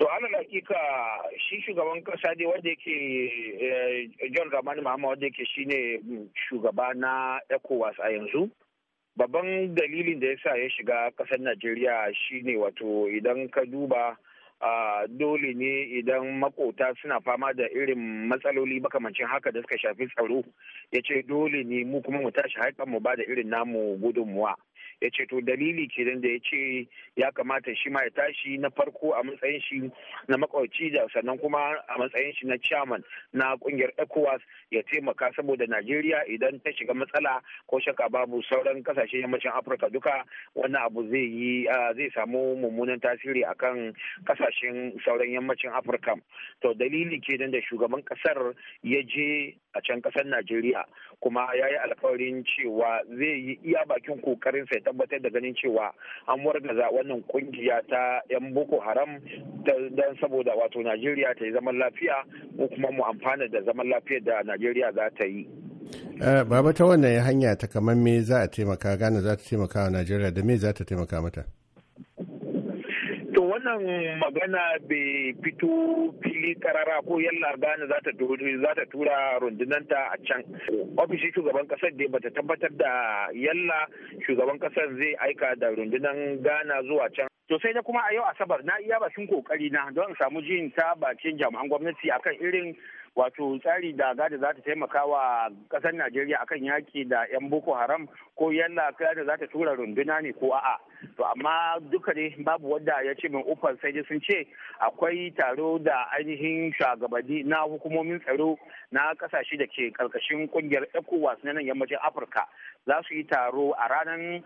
to alal hakika shi shugaban kasa dai wanda yake eh, john ramani mahama wanda yake shine mm, shugaba na ecowas a yanzu babban dalilin da ya sa ya shiga kasar najeriya shine wato idan ka duba ah, dole ne idan makota suna fama da irin matsaloli makamancin haka da suka shafi tsaro ya ce dole ne mu kuma mu tashi haifan mu ba da irin namu gudunmuwa ya ce to dalili kenan da ya ce ya kamata shi ma ya tashi na farko a matsayin shi na makwauci da sannan kuma a matsayin shi na chairman na kungiyar ecowas ya taimaka saboda najeriya idan ta shiga matsala ko shaka babu sauran kasashen yammacin afirka duka wani abu zai yi zai samu mummunan tasiri akan kasashen sauran yammacin afirka to dalili kenan da shugaban kasar ya je a can kasar najeriya kuma ya yi alkawarin cewa zai yi iya bakin kokarinsa sai tabbatar da ganin cewa an wargaza wannan kungiya ta 'yan boko haram don saboda wato najeriya ta yi zaman lafiya ko kuma mu amfana da zaman lafiyar da najeriya za ta yi eh, baba ta wannan hanya ta kamar me za a taimaka gane za ta taimaka wa najeriya da me za ta taimaka mata To wannan magana bai fito fili karara ko yalla gane za ta tura rundunanta a can. Ofishin shugaban kasar da bata tabbatar da yalla shugaban kasar zai aika da rundunan Ghana zuwa can To sai da kuma a yau Asabar na iya bakin kokari na don in samu jin ta bakin jami'an gwamnati akan irin wato tsari da gada za ta taimaka wa kasar Najeriya akan yaki da 'yan Boko Haram ko yalla da za ta tura runduna ne ko a'a. To amma duka ne babu wanda ya ce min ufan sai dai sun ce akwai taro da ainihin shugabanni na hukumomin tsaro na kasashe da ke karkashin kungiyar ECOWAS na nan yammacin Afirka za su yi taro a ranar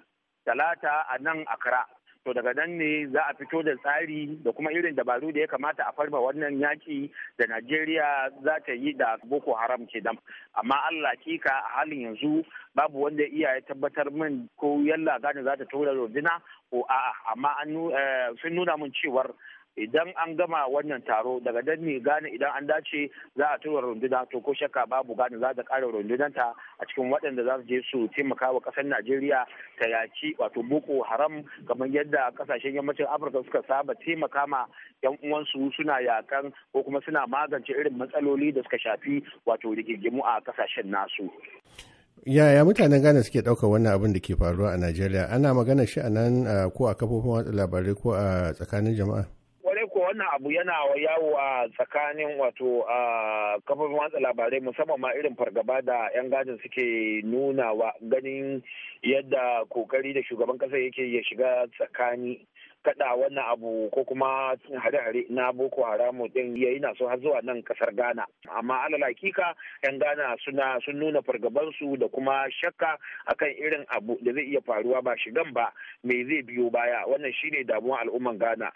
Talata a nan Accra. to daga nan ne za a fito da tsari da kuma irin dabaru da ya kamata a farma wannan yaki da najeriya za ta yi da boko haram ke dan amma allah kika a halin yanzu babu wanda iya ya tabbatar min ko yalla gane za ta tura rodina ko a'a amma eh, sun nuna min cewar idan an gama wannan taro daga dan ne gane idan an dace za a tura runduna to ko shakka babu gane za ta ƙara rundunanta a cikin waɗanda za su je su taimaka wa ƙasar najeriya ta yaci wato boko haram kamar yadda kasashen yammacin afirka suka saba taimaka ma yan uwansu suna yakan ko kuma suna magance irin matsaloli da suka shafi wato rigingimu a kasashen nasu yaya mutanen ghana suke ɗaukar wannan abin da ke faruwa a najeriya ana magana shi a nan ko a kafofin watsa labarai ko a tsakanin jama'a wannan abu yana yawo a tsakanin wato a kafofin watsa labarai musamman ma irin fargaba da 'yan gajin suke nuna wa ganin yadda kokari da shugaban kasa yake ya shiga tsakani kada wannan abu ko kuma hare-hare na boko haramu din ya yi nasu har zuwa nan kasar ghana amma alal hakika yan ghana suna sun nuna fargabansu da kuma shakka akan irin abu da zai iya faruwa ba shigan ba mai zai biyo baya wannan shine damuwa al'umman ghana